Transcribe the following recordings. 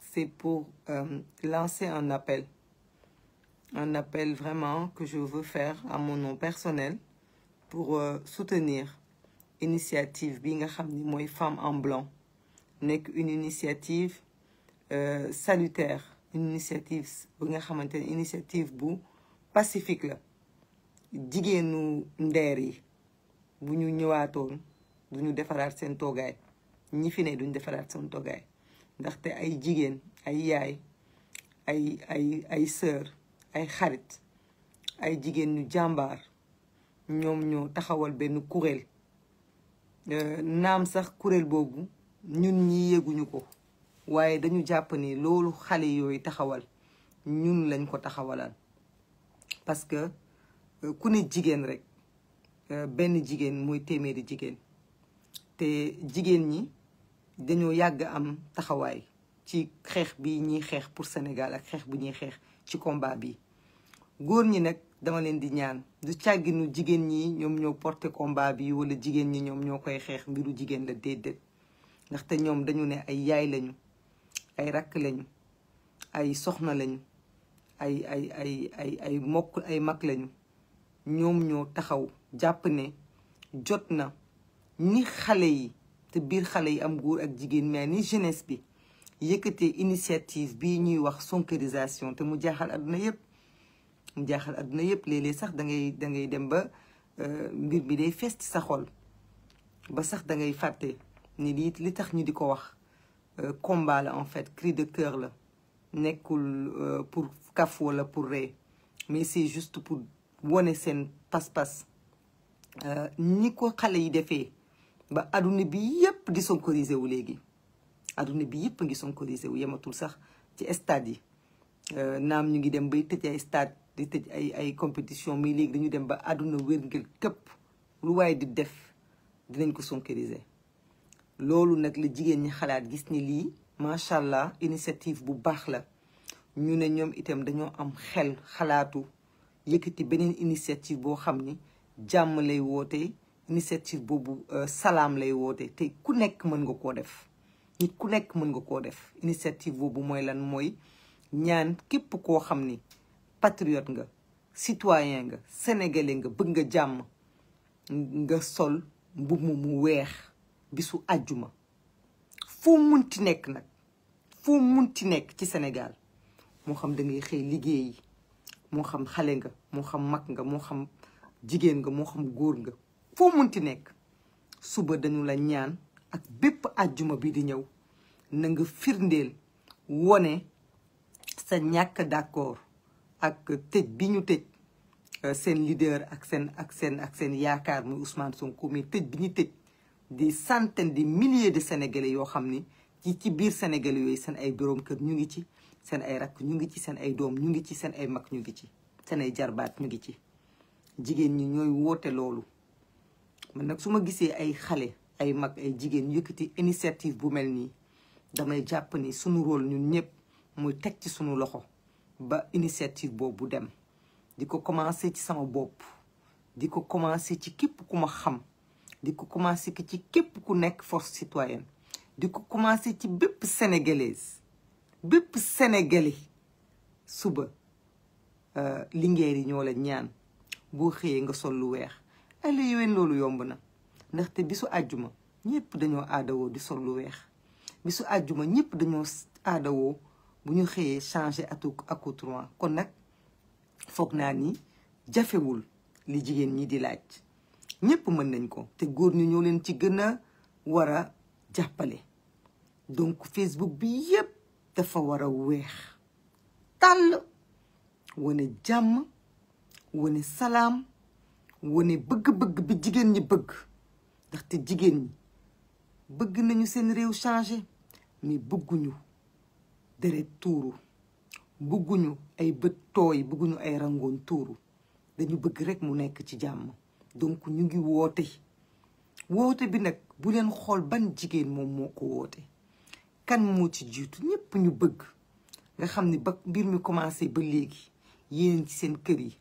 c'est pour euh, lancer un appel un appel vraiment que je veux faire à mon nom personnel pour euh, soutenir l'initiative bi Femme en Blanc C'est une initiative euh, salutaire une initiative initiative pacifique ndaxte ay jigéen ay yaay ay ay ay sœur ay xarit ay jigéen ñu jàmbaar ñoom ñoo taxawal benn kuréel euh, naam sax kuréel boobu ñun ñi yéguñu ko waaye dañu jàpp ni loolu xale yooyu taxawal ñun lañ ko taxawalal parce que euh, ku ne jigéen rek euh, benn jigéen mooy téeméeri jigéen te jigéen ñi dañoo yàgg am taxawaay ci xeex bi ñuy xeex pour senegal ak xeex bu ñuy xeex ci combat bi góor ñi nag dama leen di ñaan du càgginu jigéen ñi ñoom ñoo porté combat bi wala jigéen ñi ñoom ñoo koy xeex mbiru jigéen la déedéet ndaxte ñoom dañu ne ay yaay lañu ay rakk lañu ay soxna lañu ay ay ay ay ay mokk ay mag lañu ñoom ñoo taxaw jàpp ne jot na ni xale yi te bir xalé yi am góor ak jigen mais ni jeunesse bi yëkëté initiative bi ñuy wax sonkérisation te mu jaxal aduna yëpp mu jaaxal àdduna yëpp léeg sax da ngay da ngay dem ba euh, mbir bi day fest ci sa xol ba sax da ngay faté ni lii li tax ñu diko ko wax euh, combat la en fait cri de cœur la nekkul euh, pour kaf wala pour ré mais c'est juste pour wone seen pas-pas ni ko xalé yi defee ba adouni bi yep disonkorize ou lege. Adouni bi yep disonkorize ou, yema tout sak, ti estadi. Euh, nam, nyongi dembe, teti ay stad, teti ay kompetisyon, mi lege, nyongi dembe, adouni wengel, kep, lway di def, dren kousonkorize. Lolo, net le djigen nye khalat, gisni li, manchallah, inisiyatif bou bakla. Nyongi nyom item, denyong am chel, khalatu, yekiti benin inisiyatif bou khamni, djam le wotey, initiative boobu euh, salaam lay woote te ku nekk mën nga koo def nit ku nekk mën nga koo def initiative boobu mooy lan mooy ñaan képp koo xam ni patriote nga citoyen nga sénégalais nga bëgg nga jàmm nga sol mbubb mu weex bisu àjjuma foo munti nekk nag foo mun munti nekk ci Sénégal moo xam dangay ngay liggéey liggéeyi moo xam xale nga moo xam mag nga moo xam jigéen nga moo xam góor nga foo munti nekk suba dañu la ñaan ak bépp àjjuma bi di ñëw nanga nga firndeel wone sa ñàkk d'accord ak tëj bi ñu tëj euh, seen leader ak seen ak seen ak seen yaakaar muy Ousmane Sonko mais tëj bi ñu tëj di santen di milliers de sénégalais yoo xam ni ci ci biir sénégalais yooyu seen ay boroom kër ñu ngi ci seen ay rakk ñu ngi ci seen ay doom ñu ngi ci seen ay mag ñu ngi ci seen ay jarbaat ñu ngi ci jigéen ñi ñooy woote loolu man nag su ma gisee ay xale ay mag ay jigéen yëkkati initiative bu mel nii damay jàpp ni sunu rôle ñun ñëpp muy teg ci suñu loxo ba initiative boobu dem di ko commencé ci sama bopp di ko commencé ci képp ku ma xam di ko commencé ci képp ku nekk force citoyenne di ko commencé ci bépp sénégalaise bépp sénégalais suba euh, lingeer yi ñoo la ñaan boo xëyee nga sol lu weex ay la yoween loolu yomb na ndaxte bisu àjjuma ñëpp dañoo aadawoo di sol lu weex bisu àjjuma ñëpp dañoo aadawoo bu ñu xëyee changé atu accoutrement kon nag foog naa ni jafewul li jigéen ñi di laaj ñëpp mën nañ ko te góor ni ñoo leen ci gën a war a jàppale donc Facebook bi yëpp dafa war a weex tàll wane jàmm wane salaam wane bëgg-bëgg bi jigéen ñi bëgg te jigéen ñi bëgg nañu seen réew changé mais bëgguñu deret tuuru bëgguñu ay bët tooy bëgguñu ay rangoon tuuru dañu bëgg rek mu nekk ci jàmm donc ñu ngi woote woote bi nag bu leen xool ban jigéen moom moo ko woote kan moo ci jiitu ñépp ñu bëgg nga xam ni ba mbir mi commencé ba léegi yéen ci seen kër yi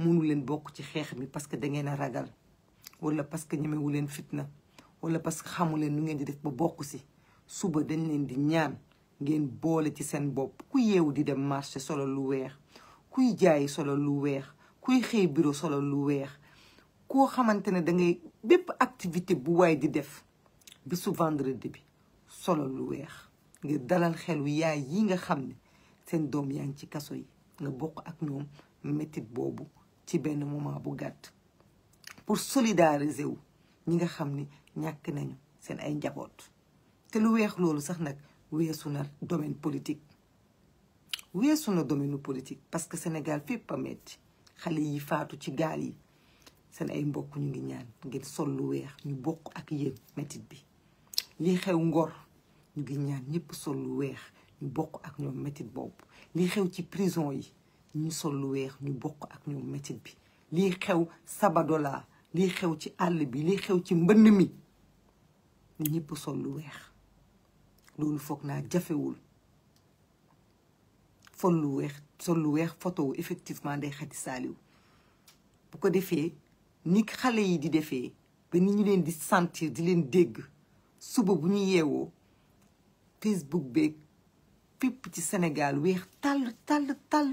mënu leen bokk ci xeex mi parce que da ngeen a ragal wala parce que ñemewu leen fitna wala parce que xamu leen nu ngeen di def ba bokk si suba dañ leen di ñaan ngeen boole ci seen bopp ku yeewu di dem marché solo lu weex kuy jaay solo lu weex kuy xëy solo lu weex koo xamante ne da ngay bépp activité bu waay di def bi bisu vendredi bi solo lu weex ngir dalal xelu yaay yi nga xam ne seen doom yaa ngi ci kaso yi nga bokk ak ñoom métit boobu ci benn moment bu gàtt pour solidariser wu ñi nga xam ni ñàkk nañu seen ay njaboot te lu weex loolu sax nag weesu na domaine politique weesu na domaine politique parce que Sénégal fépp a metti xale yi faatu ci gaal yi seen ay mbokk ñu ngi ñaan ngeen sol lu weex ñu bokk ak yéen métit bi lii xew Ngor ñu ngi ñaan ñëpp sol lu weex ñu bokk ak ñoom métit boobu lii xew ci prison yi ñu sol lu weex ñu bokk ak ñoom métit bi lii xew sabadola lii xew ci àll bi lii xew ci mbënd mi ñëpp sol lu weex loolu foog naa jafewul fol lu weex sol lu weex photo effectivement day xati saaliw bu ko defee ni xale yi di defee ba ni ñu leen di sentir di leen dégg suba bu ñu yeewoo Facebook beeg fépp ci Sénégal weex tàll tàll tàll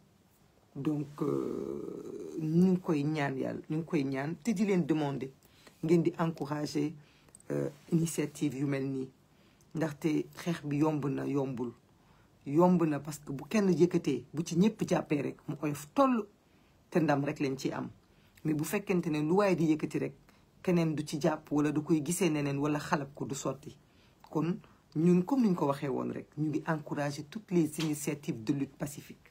donc euh, ñu ngi koy ñaan yàlla ñu ngi koy ñaan te di leen demander ngeen di encourager euh, initiative yu mel nii ndaxte xeex bi yomb na yombul yomb na parce que bu kenn yëkkatee bu ci ñëpp jàppee rek mu oyof toll te ndam rek lañ ci am mais bu fekkente ne lu waaye di yëkkati rek kenen du ci japp wala du koy gisee nenen wala xalab ko du sotti kon ñun comme niñ ko waxee won rek ñu ngi encourager toutes les initiatives de lutte pacifique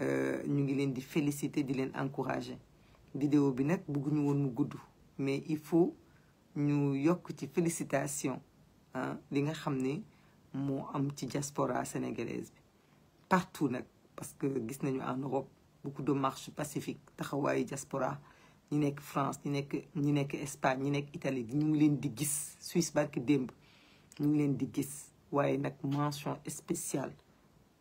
nous voulons les féliciter di les encourager vidéo bi beaucoup nous ont mu gudd mais il faut ñu y ci félicitation Hein, li nga xam ne am diaspora sénégalaise partout nag parce que gis nañu en Europe beaucoup de marches pacifiques taxawaayu diaspora ñi nek France ñi nek ñi nek Espagne ñi nek Italie ñu ngi leen di Suisse Belgique, démb ñu ngi les di gis waaye mention spéciale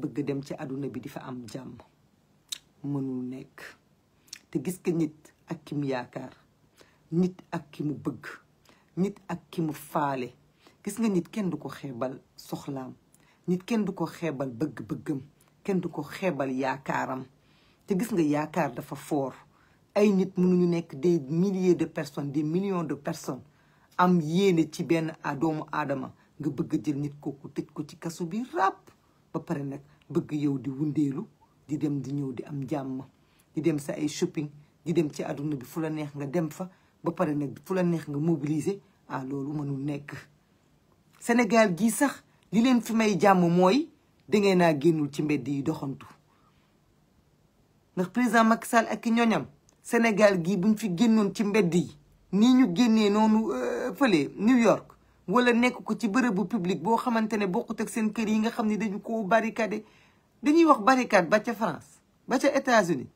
bëgg dem ci àdduna bi di fa am jàmm mënul nekk te gis nga nit ak ki yaakaar nit ak ki bëgg nit ak ki mu faale gis nga nit kenn du ko xeebal soxlaam nit kenn du ko xeebal bëgg-bëggam kenn du ko xeebal yaakaaram te gis nga yaakaar dafa foor ay nit mënuñu nekk des milliers de personnes des million de personnes am yéene ci benn doomu aadama nga bëgg jël nit kooku tëj ko ci kasu bi ràpp ba pare nag bëgg yow di wundeelu di dem di ñëw di am jàmm di dem sax ay shopping di dem ci adduna bi fu la neex nga dem fa ba pare nag fu la neex nga mobiliser ah loolu mënul nekk Sénégal gi sax li leen fi may jàmm mooy dangeen naa génnul ci mbedd yi doxantu ndax président Macky Sall ak ñoñam Sénégal gii buñ fi génnoon ci mbedd yi nii ñu génnee noonu euh, fële New York wala nekk ko ci bu public bo xamantene ne bokkut ak seen kër yi nga xam dañu ko barricade dañuy wax barricade ba ca France ba ca États-Unis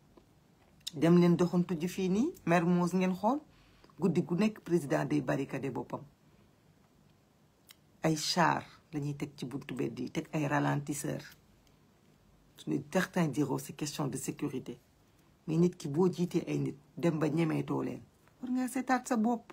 dem leen doxantu ji fii nii Mermoz ngeen xol guddi gu nekk président day barricade bopam ay char lañuy tek ci buntu bedd yi teg ay ralentisseur certains diront c'est question de sécurité mais nit ki boo jiitee ay nit dem ba to leen war nga sétat sa bop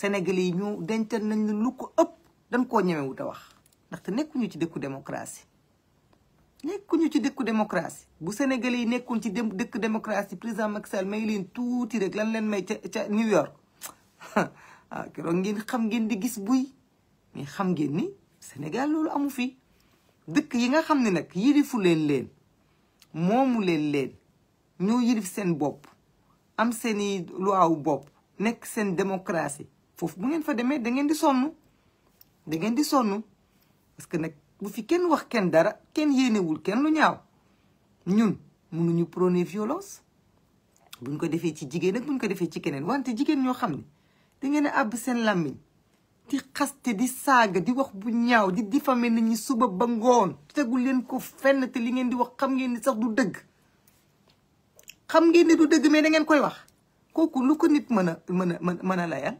sénégal yi ñu dencal nañu leen lu ko ëpp dañ koo ñemewut a wax ndaxte nekkuñu ci dëkku démocratie nekkuñu ci dëkku démocratie bu Sénégalais yi nekkoon ci dëkku démocratie président Macky Sall may leen tuuti rek lan leen may ca ca New York ah ngeen xam ngeen di gis buy mais xam ngeen ni Sénégal loolu amu fi dëkk yi nga xam ne nag yirifu leen leen moomu leen leen ñoo yirif seen bopp am seeni lu aw bopp nekk seen démocratie fofu bu ngeen fa demee da ngeen di sonu da ngeen di sonu parce que nak bu fi kenn wax kenn dara kenn wul kenn lu ñaaw ñun ñu prôner violence buñ ko défé ci jigéen nak buñ ko défé ci keneen wante jigéen ño xamni da ngeen ab sen lamine di xasté di sag di wax bu ñaaw di difamé nit ñi suba ba ngoon tegul leen ko fenn te li ngeen di wax xam ngeen ni sax du dëgg xam ngeen ni du dëgg mais da ngeen koy wax koku lu ko nit mëna mëna mëna layal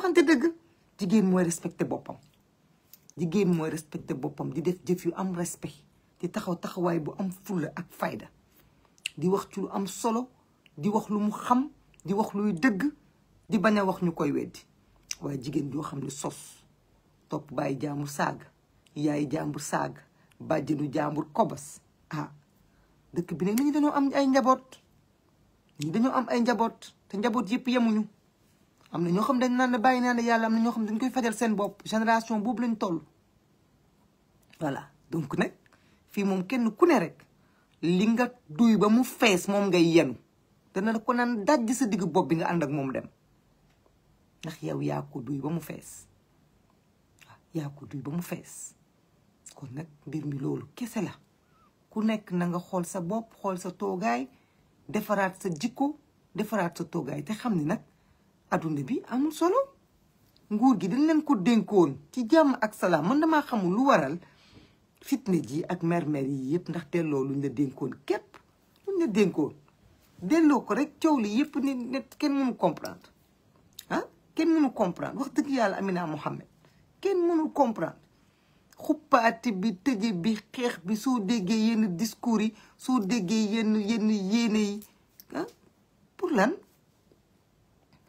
waxante dëgg jigéen mooy respecté boppam jigéen mooy respecté boppam di def jëf yu am respect di taxaw taxawaay bu am fulla ak fayda di wax ci lu am solo di wax lu mu xam di wax luy dëgg di bañ wax ñu koy weddi waaye jigéen joo xam ne sos topp bàyyi jaamu saaga yaay jaambur saaga bàjjenu jaambur kobas ah dëkk bi nag nit ñi dañoo am ay njaboot ñi dañoo am ay njaboot te njaboot yëpp yemuñu am na ñoo xam dañ nan bàyyi naa yàlla am na ñoo xam dañ koy fajal seen bop génération boobu lañ toll voilà donc nak fi mom kenn ku ne rek li nga duuy ba mu fess mom ngay yenu da na ko nan dajj sa digg bop bi nga ànd ak mom dem ndax yow ya ko duuy ba mu fess ya ko duuy ba mu fess kon nak bir mi lolu kessé la ku nek na nga xol sa bop xol sa toogaay defaraat sa jikko defaraat sa toogaay te xamni nak adduna bi amul solo nguur gi dañ leen ko dénkoon ci jàmm ak salaam man damaa xamul lu waral fitne ji ak mermer yi yëpp ndax delloo luñ la dénkoon képp luñ la dénkoon delloo ko rek coow li yëpp ni ne kenn mënu comprendre ah kenn mënu comprendre wax dëgg yàlla Amina Mohamed kenn mënu comprendre xuppaati bi tëje bi xeex bi soo déggee yenn discours soo déggee yenn yenn yéene yi ah? pour lan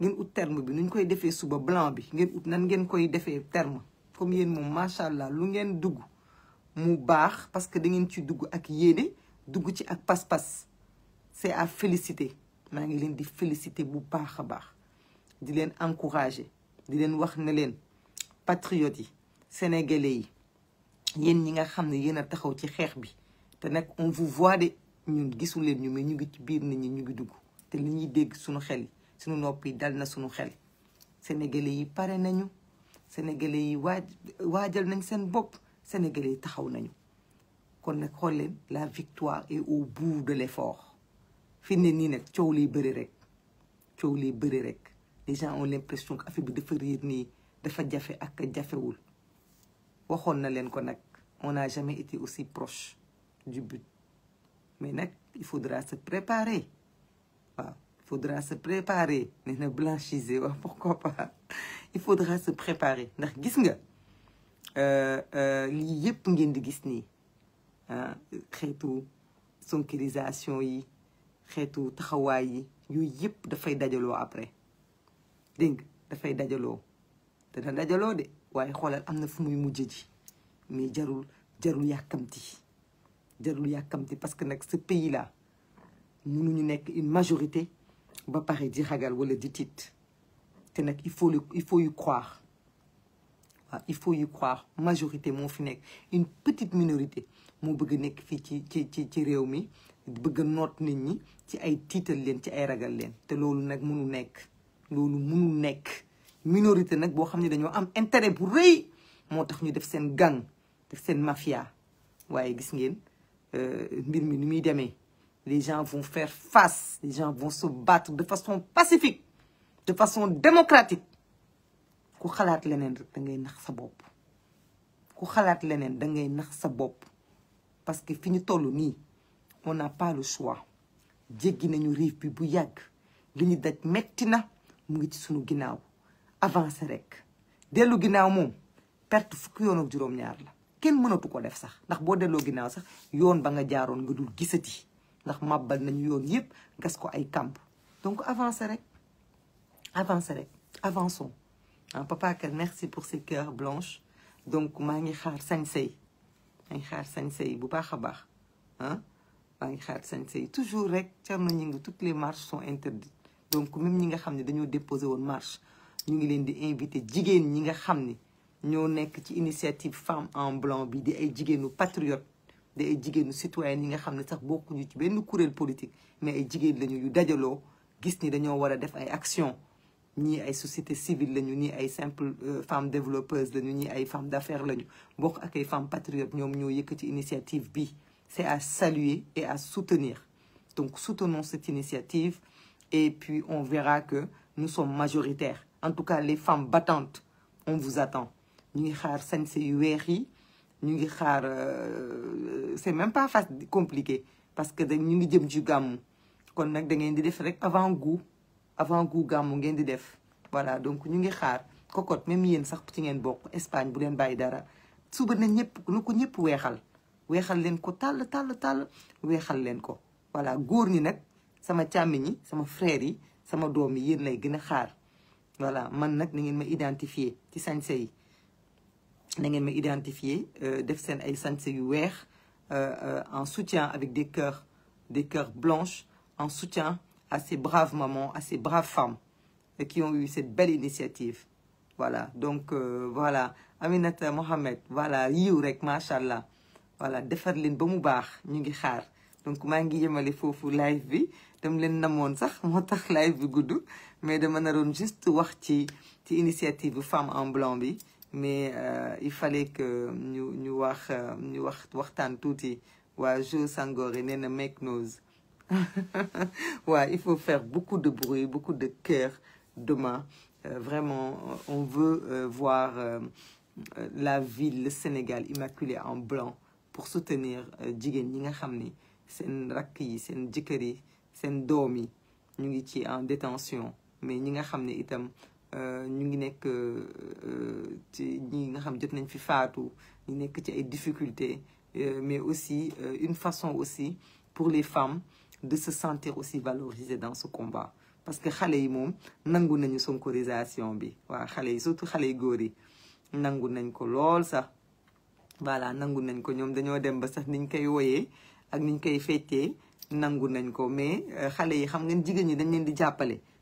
ngeen ut terme bi nuñ koy défé suba blanc bi ngeen ut nan ngeen koy défé terme comme yéen moom machallah lu ngeen dugg mu bax parce que da ngeen ci dugg ak yéene dugg ci ak pas-pas c'est à féliciter ma ngi leen di féliciter bu baakha bax di leen encourager di leen wax ne leen patriotes yi sénégalais yi yéen ñi nga xam ne taxaw ci xeex bi té nak on vous voit de ñun gisul leen ñu mais ñu ngi ci biir nit ñi ñu ngi dugg té li ñi dégg suñu xel yi suñu nopp dal na suñu xel sénégalais yi paré nañu sénégalais yi waaj waajal nañ sen bop sénégalais yi taxaw nañu kon nak xool leen la victoire est au bout de l'effort fi ni nak ciow li liy rek ciow li bëri rek les gens ont l'impression que affaire bi dafa riir nii dafa jafé ak jafewul waxon na len ko nak on n'a jamais été aussi proche du but mais nak il faudra se préparer waaw il faudra se préparer mais ne blanchissez pourquoi pas il faudra se préparer ndax nga ce que vous avez Vous yi tout yi après se de am vous mais jarul jarul jarul yakamti parce que ce pays là nous n'avons une majorité ba pare di ragal wala di tit te nak il faut il faut y croire il faut y croire majorité mo fi nek une petite minorité mo bëgg nek fi ci ci ci ci réew mi bëgg a nit ñi ci ay titel leen ci ay ragal leen te lolu nak mënu nek lolu mënu nek minorité nak bo xamni dañu am intérêt bu reuy motax ñu def sen gang def sen mafia waye gis ngeen euh, mbir mi ni muy démé les gens vont faire face, les gens vont se battre de façon pacifique, de façon démocratique. ku xalat leneen rek da ngay nax sa bop. ku xalat leneen da ngay nax sa bop. parce que fiñu ñu ni, on n'a pas le choix jéggi nañu riif bi bu yàgg Liñu daj metti na mu ngi ci suñu ginaaw. avancé rek Delu ginaaw mom, perte fuk yoon ak juróom-ñaar la kenn mënatu ko def sax ndax bo delo ginaaw sax yoon ba nga jaaroon nga dul gisati ndax màbbal nañu yoon yëpp gas ko ay kamp donc avancez rek avancez rek avançons hein, papa que merci pour ces cœurs blanches donc maa ngi xaar sañ-sañ maa ngi xaar sañ-sañ bu baax a baax ah maa ngi xaar sañ-sañ toujours rek Thierno Gningue toutes les marches sont interdites donc même ñi nga xam ne dañoo déposé woon marche ñu ngi leen di invité jigéen ñi nga xam ne ñoo nekk ci initiative femme en blanc bi di ay jigéenu patriote des ay citoyens, qui yi nga xam beaucoup sax bokkuñu ci politique mais nous sommes lañu yu dajaloo gis ni dañoo war def ay action ñii ay société civile lañu ñii ay simple euh, femmes les lañu d'affaires lañu bokk les ay patriotes, nous avons ñoo initiative c'est à saluer et à soutenir donc soutenons cette initiative et puis on verra que nous sommes majoritaires en tout cas les femmes battantes on vous attend Nous, xaar sañse ñu ngi xaar euh, c'est même pas facile compliqué parce que dañ ñu ngi jëm ci gàmmu kon nak da ngeen di def rek avant goût avant goût gamu ngeen di def voilà donc ñu ngi xaar cocotte même yeen sax ci ngeen bokk Espagne bu len bàyyi dara suba na ñëpp nu ko ñëpp weexal weexal leen ko tal tal tal wéxal len ko voilà goor ni nak sama càmmiñ sama frère yi sama doom yi yéen lay gëna xaar voilà man nak ni ngeen ma identifier ci sañse yi je ngeen identifié, identifier euh, def sen ay euh, euh, en soutien avec des cœurs des cœurs blanches en soutien à ces braves mamans à ces braves femmes qui ont eu cette belle initiative voilà donc voilà Aminata Mohamed voilà yiw rek voilà, allah voilà defar leen ba mu baax Donc, ngi xaar donc maa ngi yemale foofu live bi dam leen namoon sax moo live bi gudd mais dama naroon juste wax ci ci initiative Femmes en blanc bi mais euh, il fallait que nous nous wax nous euh, wax make il faut faire beaucoup de bruit beaucoup de cœur demain euh, vraiment on veut voir la ville le Sénégal immaculée en blanc pour soutenir ñi nga yi en détention mais ñi nga euh, ñu ngi nekk ci difficultés mais aussi euh, une façon aussi pour les femmes de se sentir aussi valorisées dans ce combat parce que xale yi nangu bi surtout nangu nañ voilà nangu nañ ko dem ba sax niñ koy ak niñ koy nangu nañ ko mais euh,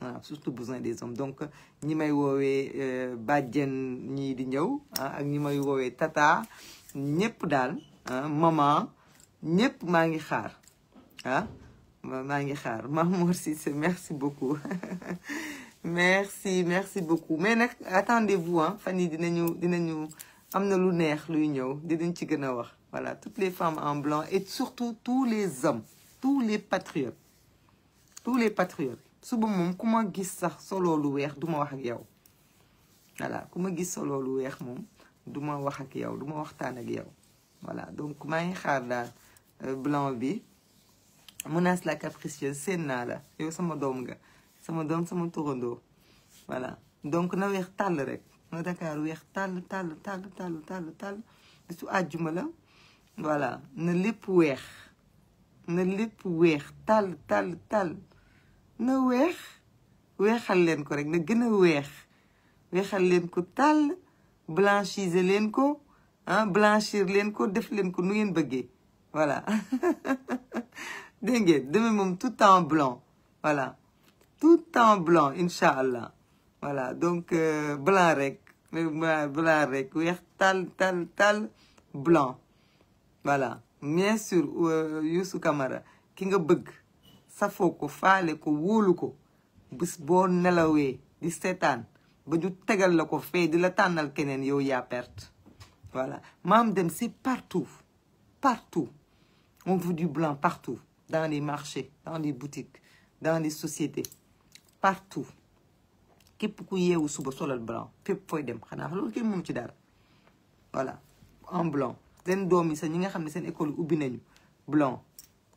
ah surtout besoin des hommes donc ñi may woowee euh, bàjjen ñii di ñëw ah, ak ñi may wowe tata ñëpp daal ah, maman ñepp ma ngi xaar ah ma ngi xaar merci beaucoup merci merci beaucoup mais attendez-vous hein fani dinañu dinañu amna lu neex luy ñëw dinañ ci gëna wax voilà toutes les femmes en blanc et surtout tous les hommes tous les patriotes tous les patriotes suba moom ku ma gis sax solo lu weex duma wax ak yow voilà ku ma gis solo lu weex moom duma wax ak yow duma waxtaan ak yow voilà donc maa ngi xaar daal euh, blanc bi nas la capricieuse seen naa yow sama doom nga sama doom sama turandoo voilà donc na weex tàll rek na Dakar weex tàll tàll tàll tàll tàll tàll su àjjuma la voilà na weex na lépp weex tàll tàll tàll na weex weexal leen ko rek na gën a weex weexal leen ko tàll ah, blanchir def voilà tout en blanc voilà tout en blanc incha voilà donc euh, blanc rek blanc rek tal tal tal blanc voilà bien sûr euh, Youssou Camara ki safoko ko ko bis di ça ba ju tegal la di la yow y'a perte voilà Mame dem c'est partout partout on veut du blanc partout dans les marchés dans les boutiques dans les sociétés partout képp ku suba solal blanc dem voilà en blanc blanc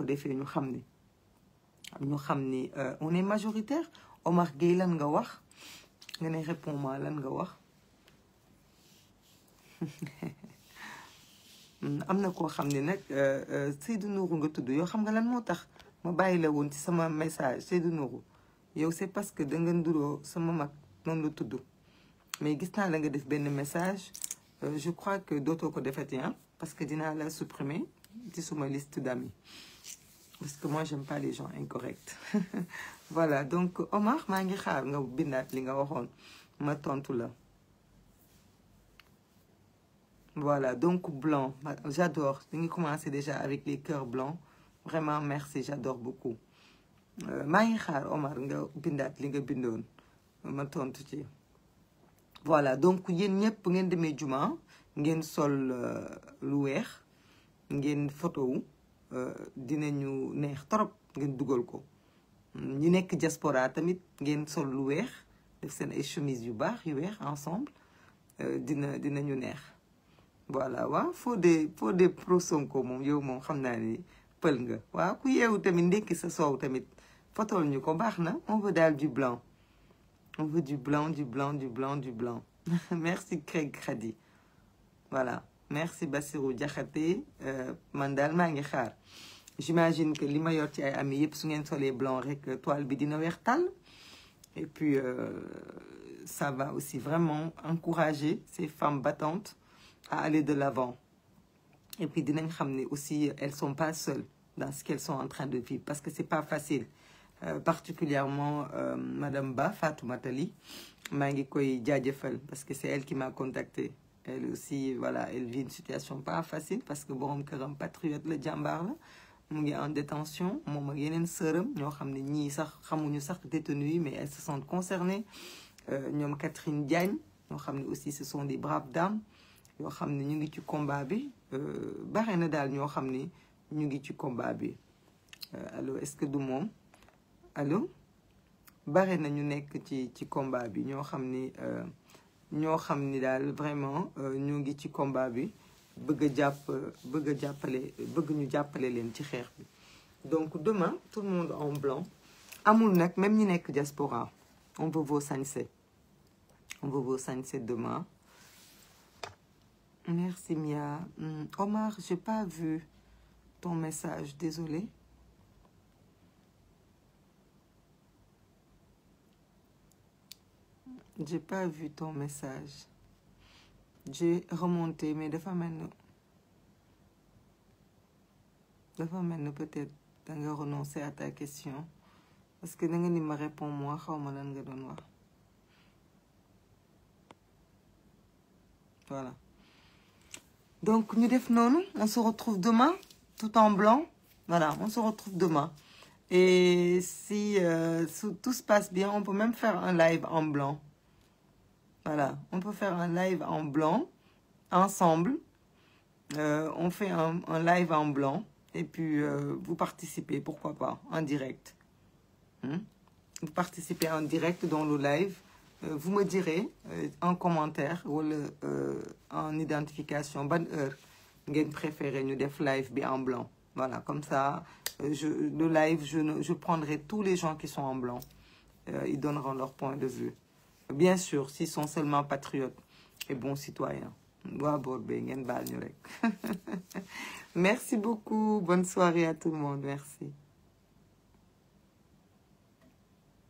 ko defee ñu xam ni ñu xam ni euh, on est majoritaire Omar Gueye lan nga wax nga ne répond ma lan nga wax amna ko koo nak euh, euh Seydou Nourou nga tudd yo xam nga lan motax tax ma bàyyi la ci sama message Seydou Nourou yow c'est parce que da nga nduroo sama mak non lu tudd mais gis na la nga def ben message euh, je crois que d'autres ko defati hein parce que dina la supprimer ci suma liste d'amis parce que moi j'aime pas les gens incorrects voilà donc Omar je ngi nga li voilà donc blanc j'adore Je commencer déjà avec les cœurs blancs vraiment merci j'adore beaucoup euh, Omar nga Je li nga voilà donc ngeen ngeen sol euh, lu photo euh, dinañu neex torop ngeen dugal ko ñi nekk diaspora tamit ngeen sol lu weex def seen ay chemise yu baax yu weex ensemble euh, dina dinañu neex voilà wa faut des faut des pro ko moom yow moom xam naa ni pël nga waaw ku yeewu tamit ndekki sa soow tamit fotol ñu ko baax na on veut daal du blanc on veut du blanc du blanc du blanc du blanc merci Craig Khady voilà merci Bassirou Diakhaté euh, Mandal Mangekhar. j'imagine que les ma yor ci ay avec les su blanc euh, toile bi et puis euh, ça va aussi vraiment encourager ces femmes battantes à aller de l'avant et puis elles ne aussi elles sont pas seules dans ce qu'elles sont en train de vivre parce que ce n'est pas facile particulièrement Mme Madame Ba Fatou Matali parce que c'est elle qui m'a contactée elle aussi voilà elle vit une situation pas facile parce que bon que un patriote le Djambar, là, mu en détention moom ak yeneen sœur, ñoo xam ne ñii sax xamuñu sax détenu mais elles se sentent concernées euh, ñoom Catherine Diagne nous xam aussi ce sont des braves dames Nous xam ne ngi combat bi euh, bare na daal ñoo xam ne combat euh, est-ce que du monde allô? bare na ñu nekk ci ci combat bi ñoo xam combat ñoo xam ni daal vraiment euh, ñoo ngi ci combat bi bëgg a jàpp bëgg a jàppale bëgg ñu jàppale leen ci xeex bi donc demain tout le monde en blanc amul nag même ñi nekk diaspora on veut vos sanse on veut vos sanse demain merci Mia hmm, Omar j'ai pas vu ton message désolé j'ai pas vu ton message. J'ai remonté, mais de fois maintenant, de fois maintenant peut-être renoncer à ta question parce que danga ni me répond moi voilà donc nous def on se retrouve demain tout en blanc voilà on se retrouve demain et si euh, tout se passe bien on peut même faire un live en blanc. Voilà, on peut faire un live en blanc, ensemble. Euh, on fait un, live en blanc et puis euh, vous participez, pourquoi pas, en direct. Hmm? Vous participez en direct dans le live. Euh, vous me direz en commentaire ou en identification, bonne heure, game préférez nous def live bien en blanc. Voilà, comme ça, le live, je, je prendrai tous les gens qui sont en blanc. ils donneront leur point de vue. Bien sûr, s'ils sont seulement patriotes et bons citoyens. Merci beaucoup. Bonne soirée à tout le monde. Merci.